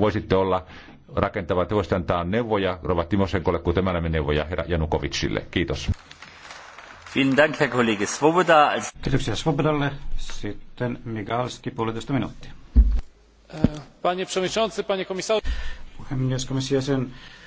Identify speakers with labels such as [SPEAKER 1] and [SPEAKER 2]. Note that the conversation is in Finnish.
[SPEAKER 1] voisitte olla rakentava, että voisitte antaa neuvoja Rova Timosenkolle, kun tämä me neuvoja herra Janukovicille. Kiitos.
[SPEAKER 2] Dank, Herr Kollege Svoboda.
[SPEAKER 3] Kiitoksia Svobodalle. Sitten Migalski, puolitoista minuuttia.
[SPEAKER 4] Panie
[SPEAKER 5] przewodniczący, panie komisarzu.
[SPEAKER 3] Puhemies, komission jäsen.